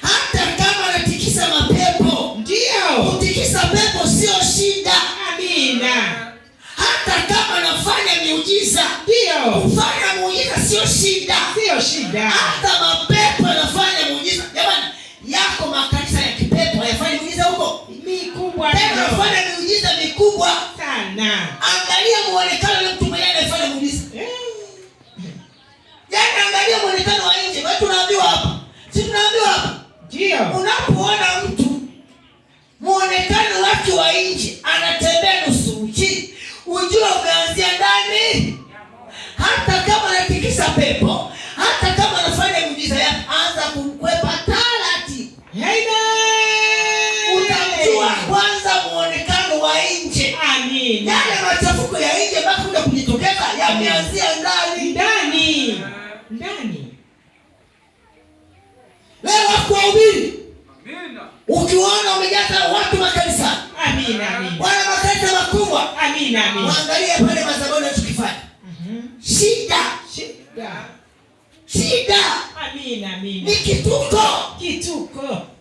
hata kama anatikisa mapepo. Ndio, kutikisa pepo sio shida. Amina. Hata kama anafanya miujiza. Ndio, kufanya muujiza sio shida, sio shida. Hata mapepo anafanya muujiza. Jamani, yako makanisa ya kipepo hayafanyi miujiza huko mikubwa, tena anafanya miujiza mikubwa sana. Angalia muonekano wa mtu mwenyewe anayefanya muujiza, eh. yaani angalia muonekano wa nje, watu tunaambiwa hapa Sinajua ndio unapoona mtu muonekano wake wa nje anatembea nusu uchi, ujue umeanzia ndani. Hata kama anatikisa pepo, hata kama anafanya miujiza yake, anza kumkwepa taratibu. Utamjua kwanza muonekano wa nje. Yale machafuko ya nje mpaka kujitokeza yameanzia ndani ndani ndani ukiwaona umejaza watu makanisani, wana makanisa makubwa, waangalie pale madhabahuni wanachokifanya. Mhm. Shida, shida, shida ni kituko, kituko.